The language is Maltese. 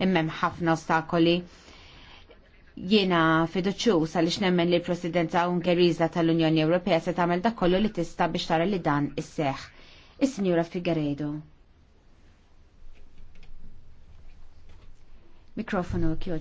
immem ħafna ostakoli. Jiena fiduċjuż għaliex nemmen li l-Presidenza Ungeriża tal-Unjoni Ewropea se tagħmel dak kollu li tista' biex tara li dan isseħħ. Is-Sinjura Figueredo. Mikrofonu kjoġ.